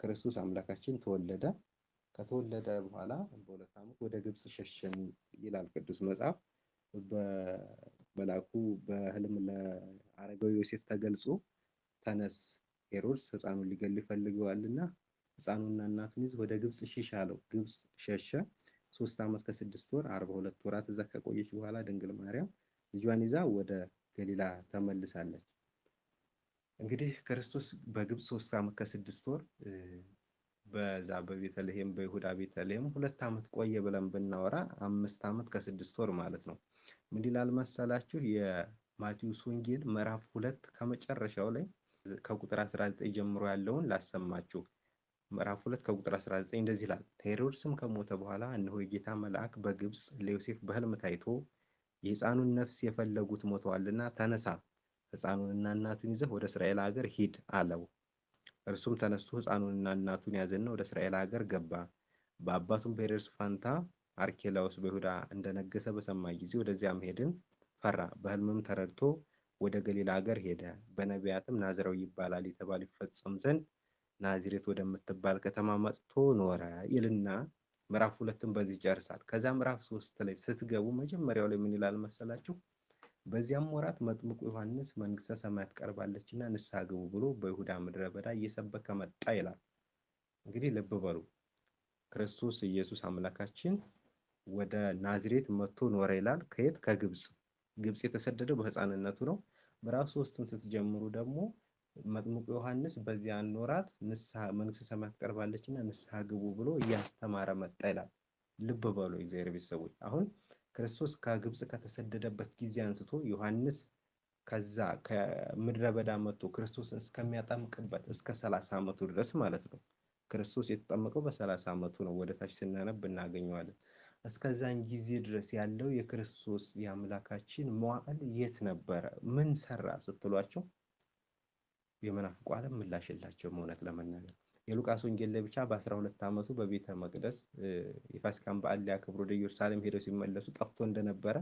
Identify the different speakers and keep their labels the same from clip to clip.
Speaker 1: ክርስቶስ አምላካችን ተወለደ። ከተወለደ በኋላ በሁለት ዓመት ወደ ግብፅ ሸሸን ይላል ቅዱስ መጽሐፍ። በመላኩ በህልም ለአረጋዊ ዮሴፍ ተገልጾ ተነስ፣ ሄሮድስ ህፃኑን ሊገል ይፈልገዋልና ህፃኑና እናቱን ይዞ ወደ ግብፅ ሽሽ አለው። ግብፅ ሸሸ። ሶስት ዓመት ከስድስት ወር አርባ ሁለት ወራት እዛ ከቆየች በኋላ ድንግል ማርያም ልጇን ይዛ ወደ ገሊላ ተመልሳለች። እንግዲህ ክርስቶስ በግብፅ ሶስት ዓመት ከስድስት ወር በዛ በቤተልሔም በይሁዳ ቤተልሔም ሁለት ዓመት ቆየ ብለን ብናወራ አምስት ዓመት ከስድስት ወር ማለት ነው። ምን ይላል መሰላችሁ? የማቴዎስ ወንጌል ምዕራፍ ሁለት ከመጨረሻው ላይ ከቁጥር 19 ጀምሮ ያለውን ላሰማችሁ። ምዕራፍ ሁለት ከቁጥር 19 እንደዚህ ይላል። ሄሮድስም ከሞተ በኋላ እነሆ የጌታ መልአክ በግብፅ ለዮሴፍ በሕልም ታይቶ የሕፃኑን ነፍስ የፈለጉት ሞተዋልና ተነሳ ሕፃኑንና እናቱን ይዘህ ወደ እስራኤል አገር ሂድ አለው። እርሱም ተነስቶ ሕፃኑንና እናቱን ያዘና ወደ እስራኤል አገር ገባ። በአባቱም በሄሮድስ ፋንታ አርኬላዎስ በይሁዳ እንደነገሰ በሰማ ጊዜ ወደዚያ መሄድን ፈራ። በሕልምም ተረድቶ ወደ ገሊላ አገር ሄደ። በነቢያትም ናዝራዊ ይባላል የተባለ ይፈጸም ዘንድ ናዝሬት ወደምትባል ከተማ መጥቶ ኖረ ይልና ምዕራፍ ሁለትም በዚህ ይጨርሳል። ከዚያ ምዕራፍ ሶስት ላይ ስትገቡ መጀመሪያው ላይ ምን ይላል መሰላችሁ? በዚያም ወራት መጥምቁ ዮሐንስ መንግሥተ ሰማያት ቀርባለችና ንስሐ ግቡ ብሎ በይሁዳ ምድረ በዳ እየሰበከ መጣ ይላል። እንግዲህ ልብ በሉ ክርስቶስ ኢየሱስ አምላካችን ወደ ናዝሬት መጥቶ ኖረ ይላል። ከየት? ከግብፅ። ግብፅ የተሰደደው በሕፃንነቱ ነው። ምዕራፍ ሶስትን ስትጀምሩ ደግሞ መጥምቁ ዮሐንስ በዚያን ወራት መንግሥተ ሰማያት ቀርባለችና ንስሐ ግቡ ብሎ እያስተማረ መጣ ይላል። ልብ በሉ እግዚአብሔር ቤተሰቦች አሁን ክርስቶስ ከግብፅ ከተሰደደበት ጊዜ አንስቶ ዮሐንስ ከዛ ከምድረ በዳ መጥቶ ክርስቶስን እስከሚያጠምቅበት እስከ ሰላሳ ዓመቱ ድረስ ማለት ነው። ክርስቶስ የተጠመቀው በሰላሳ ዓመቱ ነው። ወደ ታች ስናነብ እናገኘዋለን። እስከዛን ጊዜ ድረስ ያለው የክርስቶስ የአምላካችን መዋዕል የት ነበረ? ምን ሰራ ስትሏቸው የመናፍቁ ዓለም ምላሽ የላቸውም እውነት ለመናገር የሉቃስ ወንጌል ብቻ በ12 ዓመቱ በቤተ መቅደስ የፋሲካን በዓል ሊያከብሩ ወደ ኢየሩሳሌም ሄደው ሲመለሱ ጠፍቶ እንደነበረ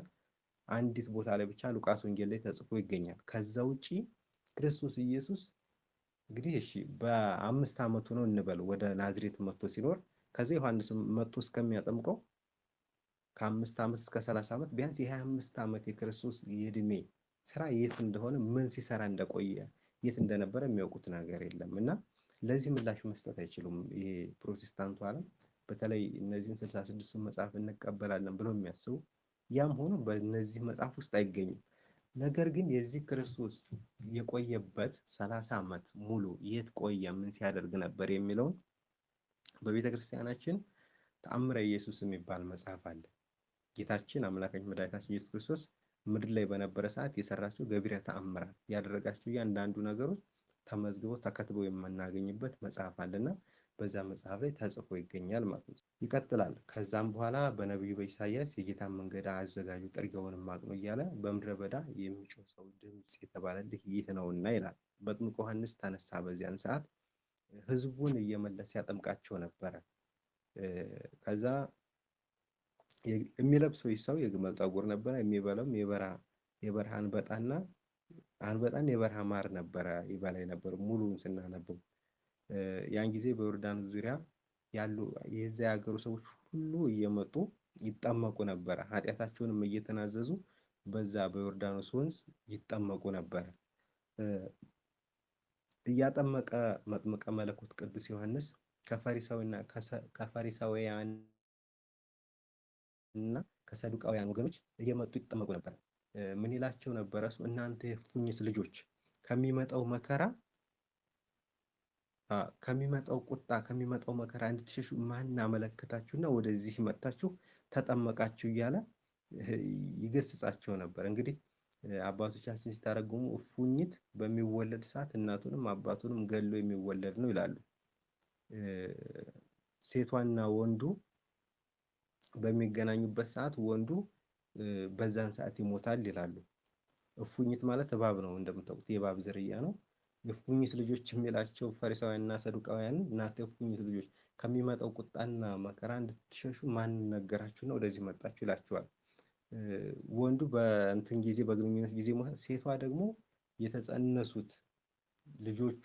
Speaker 1: አንዲት ቦታ ላይ ብቻ ሉቃስ ወንጌል ላይ ተጽፎ ይገኛል። ከዛ ውጪ ክርስቶስ ኢየሱስ እንግዲህ እሺ በአምስት ዓመቱ ነው እንበል ወደ ናዝሬት መጥቶ ሲኖር ከዚ ዮሐንስ መጥቶ እስከሚያጠምቀው ከአምስት ዓመት እስከ ሰላሳ ዓመት ቢያንስ የሀያ አምስት ዓመት የክርስቶስ የእድሜ ስራ የት እንደሆነ ምን ሲሰራ እንደቆየ የት እንደነበረ የሚያውቁት ነገር የለም እና ለዚህ ምላሽ መስጠት አይችሉም። ይሄ ፕሮቴስታንቱ ዓለም በተለይ እነዚህን ስልሳ ስድስቱን መጽሐፍ እንቀበላለን ብለው የሚያስቡ ያም ሆኖ በእነዚህ መጽሐፍ ውስጥ አይገኙም። ነገር ግን የዚህ ክርስቶስ የቆየበት ሰላሳ ዓመት ሙሉ የት ቆየ፣ ምን ሲያደርግ ነበር የሚለውን በቤተ ክርስቲያናችን ተአምረ ኢየሱስ የሚባል መጽሐፍ አለ። ጌታችን አምላካችን መድኃኒታችን ኢየሱስ ክርስቶስ ምድር ላይ በነበረ ሰዓት የሰራቸው ገቢረ ተአምራት ያደረጋቸው እያንዳንዱ ነገሮች ተመዝግቦ ተከትቦ የምናገኝበት መጽሐፍ አለና በዛ መጽሐፍ ላይ ተጽፎ ይገኛል ማለት ነው። ይቀጥላል። ከዛም በኋላ በነቢዩ በኢሳያስ የጌታን መንገድ አዘጋጁ ጥርጊያውንም አቅኑ እያለ በምድረ በዳ የሚጮህ ሰው ድምፅ የተባለልህ ይህ ነውና ይላል። መጥምቁ ዮሐንስ ተነሳ። በዚያን ሰዓት ህዝቡን እየመለሰ ያጠምቃቸው ነበረ። ከዛ የሚለብሰው ሰው የግመል ጠጉር ነበረ። የሚበላውም የበረሃን በጣና በጣም የበረሃ ማር ነበረ ይበላይ ነበር ሙሉውን ስናነበው። ያን ጊዜ በዮርዳኖስ ዙሪያ ያሉ የዚያ የሀገሩ ሰዎች ሁሉ እየመጡ ይጠመቁ ነበረ። ኃጢአታቸውንም እየተናዘዙ በዛ በዮርዳኖስ ወንዝ ይጠመቁ ነበረ። እያጠመቀ መጥምቀ መለኮት ቅዱስ ዮሐንስ ከፈሪሳዊና ከፈሪሳውያን እና ከሰዱቃውያን ወገኖች እየመጡ ይጠመቁ ነበር። ምን ይላቸው ነበረ? እናንተ የእፉኝት ልጆች ከሚመጣው መከራ ከሚመጣው ቁጣ ከሚመጣው መከራ እንድትሸሹ ማን አመለከታችሁና ወደዚህ መጥታችሁ ተጠመቃችሁ እያለ ይገስጻቸው ነበር። እንግዲህ አባቶቻችን ሲተረጉሙ እፉኝት በሚወለድ ሰዓት እናቱንም አባቱንም ገሎ የሚወለድ ነው ይላሉ። ሴቷና ወንዱ በሚገናኙበት ሰዓት ወንዱ በዛን ሰዓት ይሞታል ይላሉ። እፉኝት ማለት እባብ ነው፣ እንደምታውቁት የእባብ ዝርያ ነው። የእፉኝት ልጆች የሚላቸው እና ሰዱቃውያን እናንተ የእፉኝት ልጆች ከሚመጣው ቁጣና መከራ እንድትሸሹ ማን ነገራችሁና ወደዚህ መጣችሁ ይላችኋል። ወንዱ በእንትን ጊዜ በግንኙነት ጊዜ ሴቷ ደግሞ የተጸነሱት ልጆቹ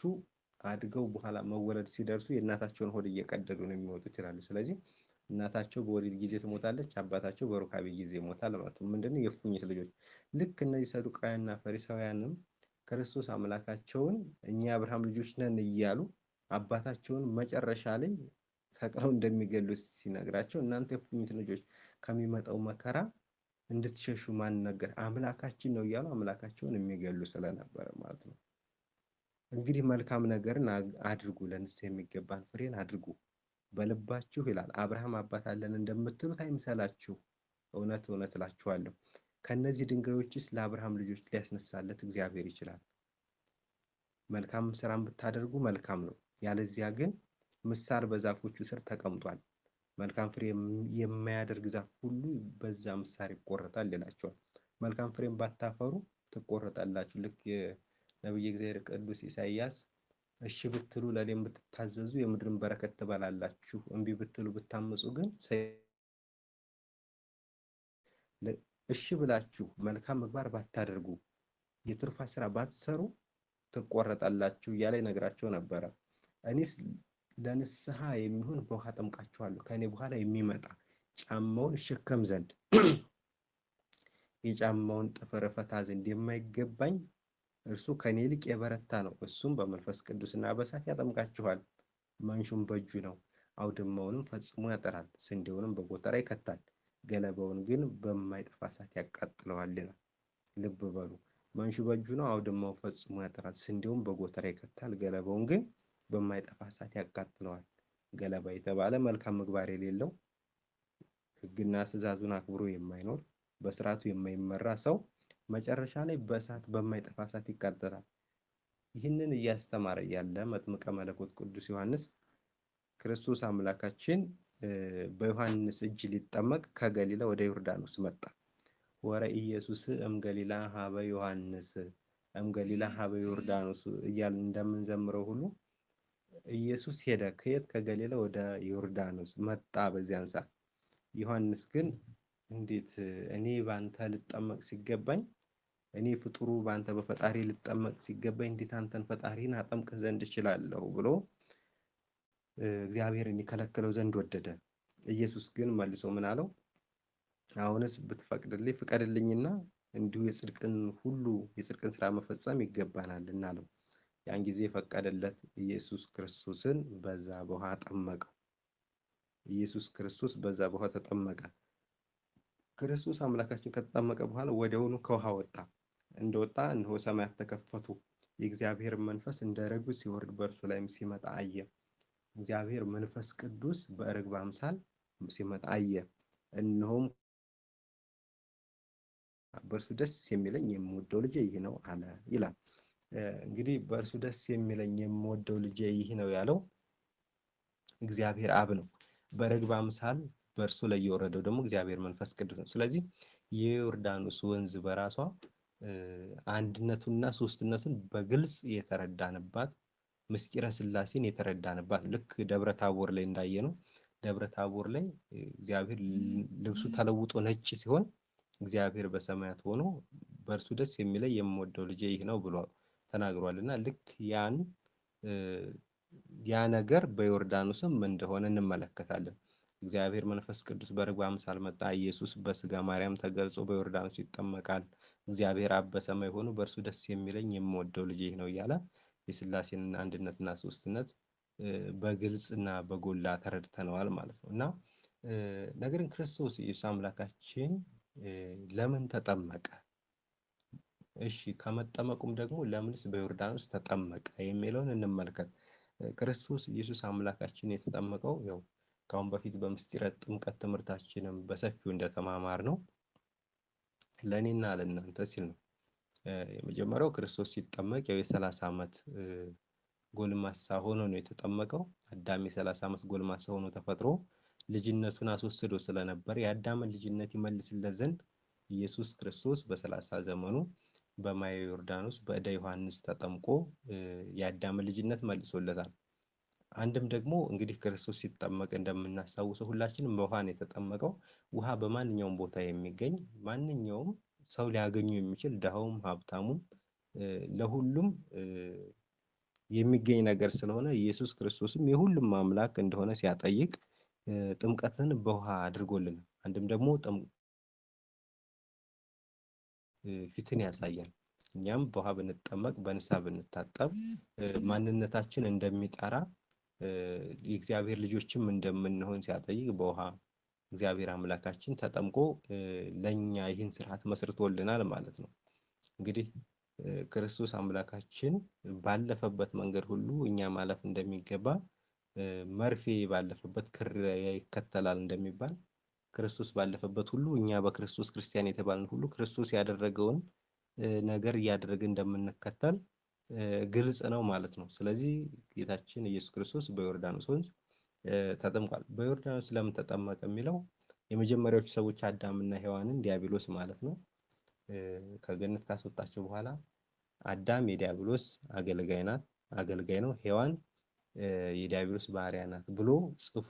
Speaker 1: አድገው በኋላ መወለድ ሲደርሱ የእናታቸውን ሆድ እየቀደዱ ነው የሚወጡት ይላሉ። ስለዚህ እናታቸው በወሊድ ጊዜ ትሞታለች፣ አባታቸው በሩካቤ ጊዜ ይሞታል ማለት ነው። ነው የእፉኝት ልጆች። ልክ እነዚህ ሰዱቃውያንና ፈሪሳውያንም ክርስቶስ አምላካቸውን እኛ የአብርሃም ልጆች ነን እያሉ አባታቸውን መጨረሻ ላይ ሰቅለው እንደሚገሉት ሲነግራቸው እናንተ የእፉኝት ልጆች ከሚመጣው መከራ እንድትሸሹ ማን ነገር አምላካችን ነው እያሉ አምላካቸውን የሚገሉ ስለነበረ ማለት ነው። እንግዲህ መልካም ነገርን አድርጉ፣ ለንስሐ የሚገባን ፍሬን አድርጉ። በልባችሁ ይላል አብርሃም አባት አለን እንደምትሉት አይምሰላችሁ። እውነት እውነት እላችኋለሁ ከእነዚህ ድንጋዮችስ ለአብርሃም ልጆች ሊያስነሳለት እግዚአብሔር ይችላል። መልካም ስራን ብታደርጉ መልካም ነው፣ ያለዚያ ግን ምሳር በዛፎቹ ስር ተቀምጧል፣ መልካም ፍሬ የማያደርግ ዛፍ ሁሉ በዛ ምሳር ይቆረጣል ይላቸዋል። መልካም ፍሬም ባታፈሩ ትቆረጣላችሁ። ልክ ነቢየ እግዚአብሔር ቅዱስ ኢሳይያስ እሺ ብትሉ ለእኔም ብትታዘዙ የምድርን በረከት ትበላላችሁ። እምቢ ብትሉ ብታመፁ ግን እሺ ብላችሁ መልካም ምግባር ባታደርጉ የትርፋ ስራ ባትሰሩ ትቆረጣላችሁ እያለ ይነግራቸው ነበረ። እኔስ ለንስሐ የሚሆን በውሃ ጠምቃችኋለሁ ከእኔ በኋላ የሚመጣ ጫማውን እሸከም ዘንድ የጫማውን ጥፍር ዘንድ የማይገባኝ እርሱ ከኔ ይልቅ የበረታ ነው፣ እሱም በመንፈስ ቅዱስና በእሳት ያጠምቃችኋል። መንሹም በእጁ ነው፣ አውድማውንም ፈጽሞ ያጠራል፣ ስንዴውንም በጎተራ ይከታል፣ ገለባውን ግን በማይጠፋ እሳት ያቃጥለዋልና። ልብ በሉ፣ መንሹ በእጁ ነው፣ አውድማው ፈጽሞ ያጠራል፣ ስንዴውን በጎተራ ይከታል፣ ገለባውን ግን በማይጠፋ እሳት ያቃጥለዋል። ገለባ የተባለ መልካም ምግባር የሌለው ሕግና ትእዛዙን አክብሮ የማይኖር በስርዓቱ የማይመራ ሰው መጨረሻ ላይ በእሳት በማይጠፋ እሳት ይቃጠላል። ይህንን እያስተማረ ያለ መጥምቀ መለኮት ቅዱስ ዮሐንስ ክርስቶስ አምላካችን በዮሐንስ እጅ ሊጠመቅ ከገሊላ ወደ ዮርዳኖስ መጣ። ወረ ኢየሱስ እም ገሊላ ሀበ ዮሐንስ እም ገሊላ ሀበ ዮርዳኖስ እያል እንደምንዘምረው ሁሉ ኢየሱስ ሄደ። ከየት? ከገሊላ ወደ ዮርዳኖስ መጣ። በዚያን ሰዓት ዮሐንስ ግን እንዴት እኔ በአንተ ልጠመቅ ሲገባኝ እኔ ፍጡሩ በአንተ በፈጣሪ ልጠመቅ ሲገባኝ እንዴት አንተን ፈጣሪን አጠምቅህ ዘንድ እችላለሁ ብሎ እግዚአብሔርን ይከለክለው ዘንድ ወደደ። ኢየሱስ ግን መልሶ ምን አለው? አሁንስ ብትፈቅድልኝ ፍቀድልኝና እንዲሁ የጽድቅን ሁሉ የጽድቅን ስራ መፈጸም ይገባናል እናለው። ያን ጊዜ የፈቀደለት ኢየሱስ ክርስቶስን በዛ በውሃ ጠመቀው። ኢየሱስ ክርስቶስ በዛ በውሃ ተጠመቀ። ክርስቶስ አምላካችን ከተጠመቀ በኋላ ወዲያውኑ ከውሃ ወጣ። እንደወጣ እነሆ ሰማያት ተከፈቱ፣ የእግዚአብሔር መንፈስ እንደ ርግብ ሲወርድ በእርሱ ላይም ሲመጣ አየ። እግዚአብሔር መንፈስ ቅዱስ በርግብ አምሳል ሲመጣ አየ። እነሆም በእርሱ ደስ የሚለኝ የምወደው ልጄ ይህ ነው አለ ይላል። እንግዲህ በእርሱ ደስ የሚለኝ የምወደው ልጄ ይህ ነው ያለው እግዚአብሔር አብ ነው። በርግብ አምሳል በእርሱ ላይ የወረደው ደግሞ እግዚአብሔር መንፈስ ቅዱስ ነው። ስለዚህ የዮርዳኖስ ወንዝ በራሷ አንድነቱንና ሶስትነቱን በግልጽ የተረዳንባት ምስጢረ ስላሴን የተረዳንባት ልክ ደብረ ታቦር ላይ እንዳየ ነው። ደብረ ታቦር ላይ እግዚአብሔር ልብሱ ተለውጦ ነጭ ሲሆን እግዚአብሔር በሰማያት ሆኖ በእርሱ ደስ የሚለኝ የምወደው ልጄ ይህ ነው ብሎ ተናግሯል እና ልክ ያን ያ ነገር በዮርዳኖስም እንደሆነ እንመለከታለን። እግዚአብሔር መንፈስ ቅዱስ በርግብ አምሳል መጣ። ኢየሱስ በስጋ ማርያም ተገልጾ በዮርዳኖስ ይጠመቃል። እግዚአብሔር አብ በሰማይ ሆኖ በእርሱ ደስ የሚለኝ የምወደው ልጅ ይህ ነው እያለ የሥላሴንና አንድነትና ሦስትነት በግልጽና በጎላ ተረድተነዋል ማለት ነው እና ነገር ግን ክርስቶስ ኢየሱስ አምላካችን ለምን ተጠመቀ? እሺ ከመጠመቁም ደግሞ ለምንስ በዮርዳኖስ ተጠመቀ የሚለውን እንመልከት። ክርስቶስ ኢየሱስ አምላካችን የተጠመቀው ያው ከአሁን በፊት በምስጢረ ጥምቀት ትምህርታችንም በሰፊው እንደተማማር ነው ለእኔና ለእናንተ ሲል ነው። የመጀመሪያው ክርስቶስ ሲጠመቅ ያው የሰላሳ ዓመት ጎልማሳ ሆኖ ነው የተጠመቀው። አዳም የሰላሳ ዓመት ጎልማሳ ሆኖ ተፈጥሮ ልጅነቱን አስወስዶ ስለነበር የአዳምን ልጅነት ይመልስለት ዘንድ ኢየሱስ ክርስቶስ በሰላሳ ዘመኑ በማየ ዮርዳኖስ በዕደ ዮሐንስ ተጠምቆ የአዳምን ልጅነት መልሶለታል። አንድም ደግሞ እንግዲህ ክርስቶስ ሲጠመቅ እንደምናስታውሰው ሁላችንም በውሃ ነው የተጠመቀው። ውሃ በማንኛውም ቦታ የሚገኝ ማንኛውም ሰው ሊያገኙ የሚችል ድሃውም ሀብታሙም ለሁሉም የሚገኝ ነገር ስለሆነ ኢየሱስ ክርስቶስም የሁሉም አምላክ እንደሆነ ሲያጠይቅ ጥምቀትን በውሃ አድርጎልን፣ አንድም ደግሞ ፊትን ያሳያል። እኛም በውሃ ብንጠመቅ በንሳ ብንታጠብ ማንነታችን እንደሚጠራ የእግዚአብሔር ልጆችም እንደምንሆን ሲያጠይቅ በውሃ እግዚአብሔር አምላካችን ተጠምቆ ለእኛ ይህን ስርዓት መስርቶልናል ማለት ነው። እንግዲህ ክርስቶስ አምላካችን ባለፈበት መንገድ ሁሉ እኛ ማለፍ እንደሚገባ መርፌ ባለፈበት ክር ይከተላል እንደሚባል ክርስቶስ ባለፈበት ሁሉ እኛ በክርስቶስ ክርስቲያን የተባልን ሁሉ ክርስቶስ ያደረገውን ነገር እያደረግን እንደምንከተል ግልጽ ነው ማለት ነው። ስለዚህ ጌታችን ኢየሱስ ክርስቶስ በዮርዳኖስ ወንዝ ተጠምቋል። በዮርዳኖስ ለምን ተጠመቀ የሚለው የመጀመሪያዎቹ ሰዎች አዳምና ሔዋንን ዲያብሎስ ማለት ነው ከገነት ካስወጣቸው በኋላ አዳም የዲያብሎስ አገልጋይ ናት አገልጋይ ነው፣ ሔዋን የዲያብሎስ ባሪያ ናት ብሎ ጽፎ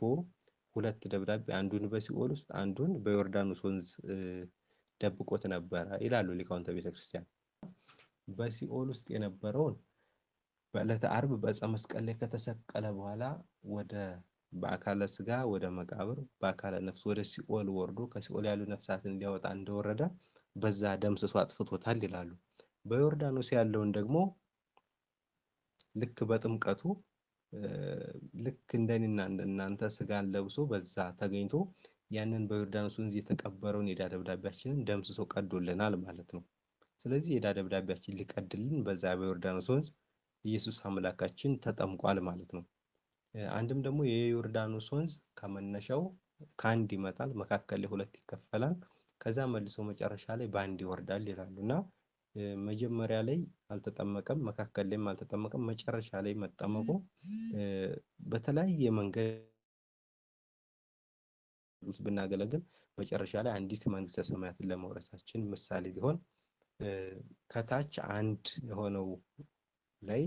Speaker 1: ሁለት ደብዳቤ አንዱን በሲኦል ውስጥ አንዱን በዮርዳኖስ ወንዝ ደብቆት ነበረ ይላሉ ሊቃውንተ ቤተክርስቲያን። በሲኦል ውስጥ የነበረውን በዕለተ አርብ በዕፀ መስቀል ላይ ከተሰቀለ በኋላ ወደ በአካለ ስጋ ወደ መቃብር በአካለ ነፍስ ወደ ሲኦል ወርዶ ከሲኦል ያሉ ነፍሳትን እንዲያወጣ እንደወረደ በዛ ደምስሶ አጥፍቶታል ይላሉ። በዮርዳኖስ ያለውን ደግሞ ልክ በጥምቀቱ ልክ እንደኔና እንደናንተ ስጋን ለብሶ በዛ ተገኝቶ ያንን በዮርዳኖስ ወንዝ የተቀበረውን የዕዳ ደብዳቤያችንን ደምስሶ ቀዶልናል ማለት ነው። ስለዚህ የዕዳ ደብዳቤያችን ሊቀድልን በዛ በዮርዳኖስ ወንዝ ኢየሱስ አምላካችን ተጠምቋል ማለት ነው። አንድም ደግሞ የዮርዳኖስ ወንዝ ከመነሻው ከአንድ ይመጣል፣ መካከል ላይ ሁለት ይከፈላል፣ ከዛ መልሶ መጨረሻ ላይ በአንድ ይወርዳል ይላሉ እና መጀመሪያ ላይ አልተጠመቀም፣ መካከል ላይም አልተጠመቀም፣ መጨረሻ ላይ መጠመቁ በተለያየ መንገድ ብናገለግል መጨረሻ ላይ አንዲት መንግስተ ሰማያትን ለመውረሳችን ምሳሌ ሊሆን ከታች አንድ የሆነው ላይ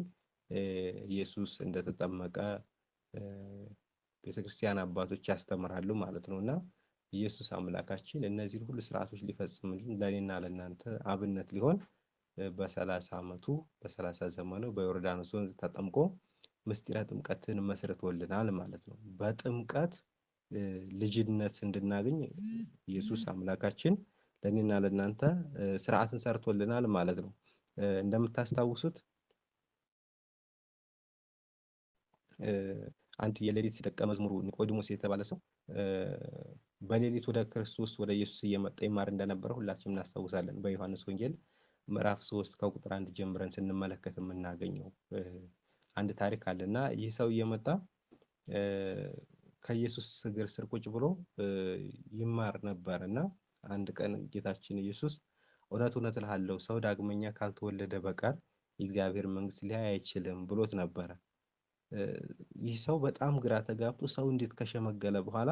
Speaker 1: ኢየሱስ እንደተጠመቀ ቤተክርስቲያን አባቶች ያስተምራሉ ማለት ነው እና ኢየሱስ አምላካችን እነዚህን ሁሉ ስርዓቶች ሊፈጽምልን ለእኔና ለእናንተ አብነት ሊሆን በሰላሳ ዓመቱ በሰላሳ ዘመኑ በዮርዳኖስ ወንዝ ተጠምቆ ምስጢረ ጥምቀትን መስርቶልናል ማለት ነው። በጥምቀት ልጅነት እንድናገኝ ኢየሱስ አምላካችን ለእኔና ለእናንተ ስርዓትን ሰርቶልናል ማለት ነው። እንደምታስታውሱት አንድ የሌሊት ደቀ መዝሙሩ ኒቆዲሞስ የተባለ ሰው በሌሊት ወደ ክርስቶስ ወደ ኢየሱስ እየመጣ ይማር እንደነበረ ሁላችንም እናስታውሳለን። በዮሐንስ ወንጌል ምዕራፍ ሶስት ከቁጥር አንድ ጀምረን ስንመለከት የምናገኘው አንድ ታሪክ አለ እና ይህ ሰው እየመጣ ከኢየሱስ እግር ስር ቁጭ ብሎ ይማር ነበር እና አንድ ቀን ጌታችን ኢየሱስ እውነት እውነት እልሃለሁ ሰው ዳግመኛ ካልተወለደ በቀር የእግዚአብሔር መንግስት ሊያይ አይችልም ብሎት ነበረ። ይህ ሰው በጣም ግራ ተጋብቶ ሰው እንዴት ከሸመገለ በኋላ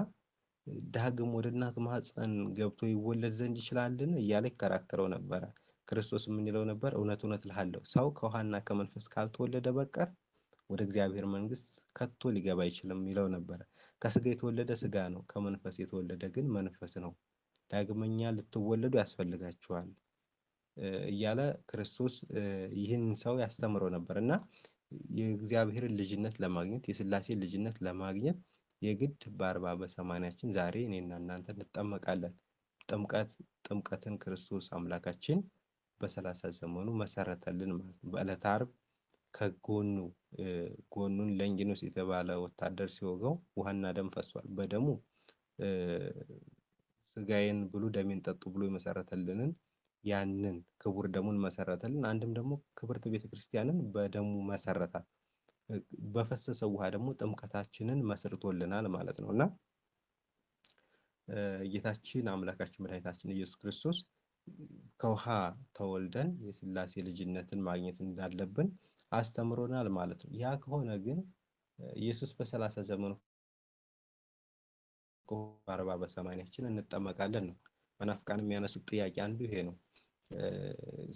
Speaker 1: ዳግም ወደ እናቱ ማኅፀን ገብቶ ይወለድ ዘንድ ይችላልን እያለ ይከራከረው ነበረ። ክርስቶስ የምንለው ነበር እውነት እውነት እልሃለሁ ሰው ከውሃና ከመንፈስ ካልተወለደ በቀር ወደ እግዚአብሔር መንግስት ከቶ ሊገባ አይችልም ይለው ነበረ። ከስጋ የተወለደ ስጋ ነው፣ ከመንፈስ የተወለደ ግን መንፈስ ነው ዳግመኛ ልትወለዱ ያስፈልጋችኋል እያለ ክርስቶስ ይህን ሰው ያስተምረው ነበር እና የእግዚአብሔርን ልጅነት ለማግኘት የስላሴ ልጅነት ለማግኘት የግድ በአርባ በሰማንያችን ዛሬ እኔና እናንተ እንጠመቃለን። ጥምቀት ጥምቀትን ክርስቶስ አምላካችን በሰላሳ ዘመኑ መሰረተልን ማለት ነው። በዕለተ ዓርብ ከጎኑ ጎኑን ለንጊኖስ የተባለ ወታደር ሲወገው ውሃና ደም ፈሷል። በደሙ ስጋዬን ብሉ ደሜን ጠጡ ብሎ የመሰረተልንን ያንን ክቡር ደሙን መሰረተልን። አንድም ደግሞ ክብርት ቤተ ክርስቲያንን በደሙ መሰረታት። በፈሰሰው ውሃ ደግሞ ጥምቀታችንን መስርቶልናል ማለት ነው እና ጌታችን አምላካችን መድኃኒታችን ኢየሱስ ክርስቶስ ከውሃ ተወልደን የስላሴ ልጅነትን ማግኘት እንዳለብን አስተምሮናል ማለት ነው። ያ ከሆነ ግን ኢየሱስ በሰላሳ ዘመኑ በአርባ በሰማኒያችን እንጠመቃለን ነው። መናፍቃን የሚያነሱ ጥያቄ አንዱ ይሄ ነው።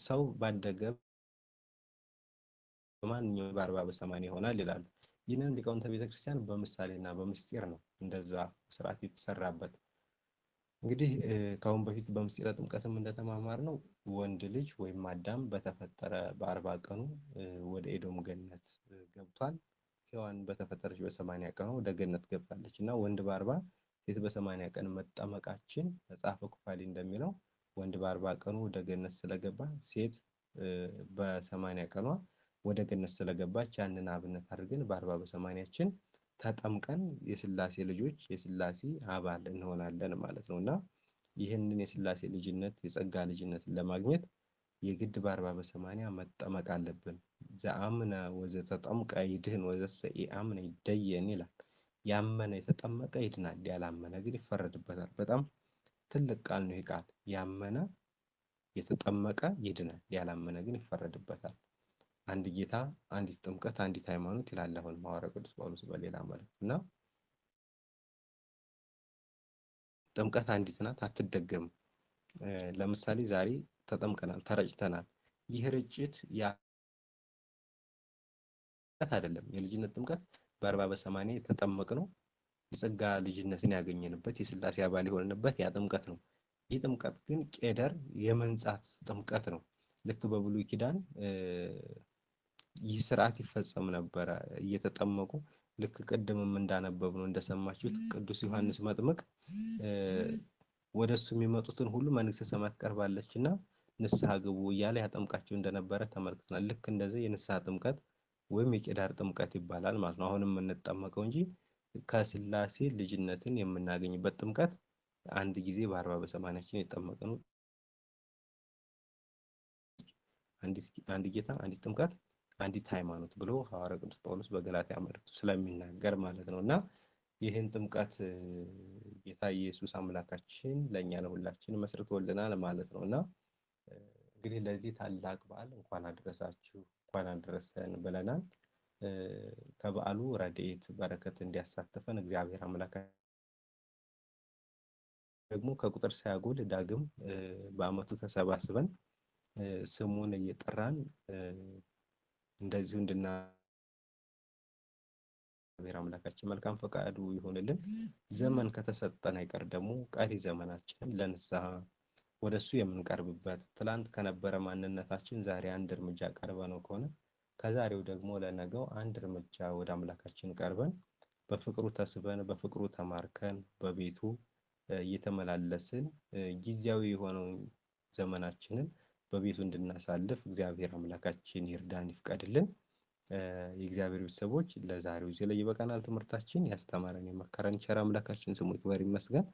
Speaker 1: ሰው ባደገ በማንኛውም በአርባ በሰማንያ ይሆናል ይላሉ። ይህንን ሊቃውንተ ቤተክርስቲያን በምሳሌና በምስጢር ነው እንደዛ ስርዓት የተሰራበት። እንግዲህ ከአሁን በፊት በምስጢረ ጥምቀትም እንደተማማር ነው ወንድ ልጅ ወይም አዳም በተፈጠረ በአርባ ቀኑ ወደ ኤዶም ገነት ገብቷል። ሔዋን በተፈጠረች በሰማኒያ ቀኑ ወደ ገነት ገብታለች እና ወንድ በአርባ ሴት በሰማንያ ቀን መጠመቃችን መጽሐፈ ኩፋሌ እንደሚለው ወንድ በአርባ ቀኑ ወደ ገነት ስለገባ ሴት በሰማንያ ቀኗ ወደ ገነት ስለገባች ያንን አብነት አድርገን በአርባ በሰማንያችን ተጠምቀን የስላሴ ልጆች የስላሴ አባል እንሆናለን ማለት ነው እና ይህንን የስላሴ ልጅነት የጸጋ ልጅነትን ለማግኘት የግድ በአርባ በሰማንያ መጠመቅ አለብን። ዘአምነ ወዘተጠምቀ ይድህን ወዘሰ ኢአምነ ይደየን ይላል። ያመነ የተጠመቀ ይድናል፣ ያላመነ ግን ይፈረድበታል። በጣም ትልቅ ቃል ነው ይህ ቃል። ያመነ የተጠመቀ ይድናል፣ ያላመነ ግን ይፈረድበታል። አንድ ጌታ፣ አንዲት ጥምቀት፣ አንዲት ሃይማኖት ይላል አሁን ሐዋርያው ቅዱስ ጳውሎስ በሌላ መልኩ እና ጥምቀት አንዲት ናት፣ አትደገምም። ለምሳሌ ዛሬ ተጠምቀናል፣ ተረጭተናል። ይህ ርጭት ያ አይደለም የልጅነት ጥምቀት በአርባ የተጠመቅ ነው። የጸጋ ልጅነትን ያገኘንበት የስላሴ አባል የሆነንበት ያ ጥምቀት ነው። ይህ ጥምቀት ግን ቄደር የመንጻት ጥምቀት ነው። ልክ በብሉይ ኪዳን ይህ ስርዓት ይፈጸም ነበረ። እየተጠመቁ ልክ ቅድምም እንዳነበብ ነው እንደሰማችሁት ቅዱስ ዮሐንስ መጥምቅ ወደ እሱ የሚመጡትን ሁሉ መንግስተ ሰማያት ቀርባለች እና ንስሐ ግቡ እያለ ያጠምቃቸው እንደነበረ ተመልክተናል። ልክ እንደዚህ የንስሐ ጥምቀት ወይም የቄዳር ጥምቀት ይባላል ማለት ነው። አሁን የምንጠመቀው እንጂ ከስላሴ ልጅነትን የምናገኝበት ጥምቀት አንድ ጊዜ በአርባ በሰማንያችን የጠመቅነው አንድ ጌታ፣ አንዲት ጥምቀት፣ አንዲት ሃይማኖት ብሎ ሐዋርያ ቅዱስ ጳውሎስ በገላትያ መልእክቱ ስለሚናገር ማለት ነው እና ይህን ጥምቀት ጌታ ኢየሱስ አምላካችን ለእኛ ለሁላችን መስርቶልናል ማለት ነው እና እንግዲህ ለዚህ ታላቅ በዓል እንኳን አደረሳችሁ። እንኳን አደረሰን ብለናል። ከበዓሉ ረድኤት በረከት እንዲያሳትፈን እግዚአብሔር አምላክ ደግሞ ከቁጥር ሳያጎል ዳግም በዓመቱ ተሰባስበን ስሙን እየጠራን እንደዚሁ እንድና እግዚአብሔር አምላካችን መልካም ፈቃዱ ይሆንልን። ዘመን ከተሰጠን አይቀር ደግሞ ቀሪ ዘመናችን ለንስሐ ወደ እሱ የምንቀርብበት ትላንት ከነበረ ማንነታችን ዛሬ አንድ እርምጃ ቀርበ ነው ከሆነ ከዛሬው ደግሞ ለነገው አንድ እርምጃ ወደ አምላካችን ቀርበን በፍቅሩ ተስበን በፍቅሩ ተማርከን በቤቱ እየተመላለስን ጊዜያዊ የሆነውን ዘመናችንን በቤቱ እንድናሳልፍ እግዚአብሔር አምላካችን ይርዳን ይፍቀድልን። የእግዚአብሔር ቤተሰቦች ለዛሬው እዚህ ላይ ይበቃናል። ትምህርታችን ያስተማረን የመከረን ቸር አምላካችን ስሙ ይክበር ይመስገን።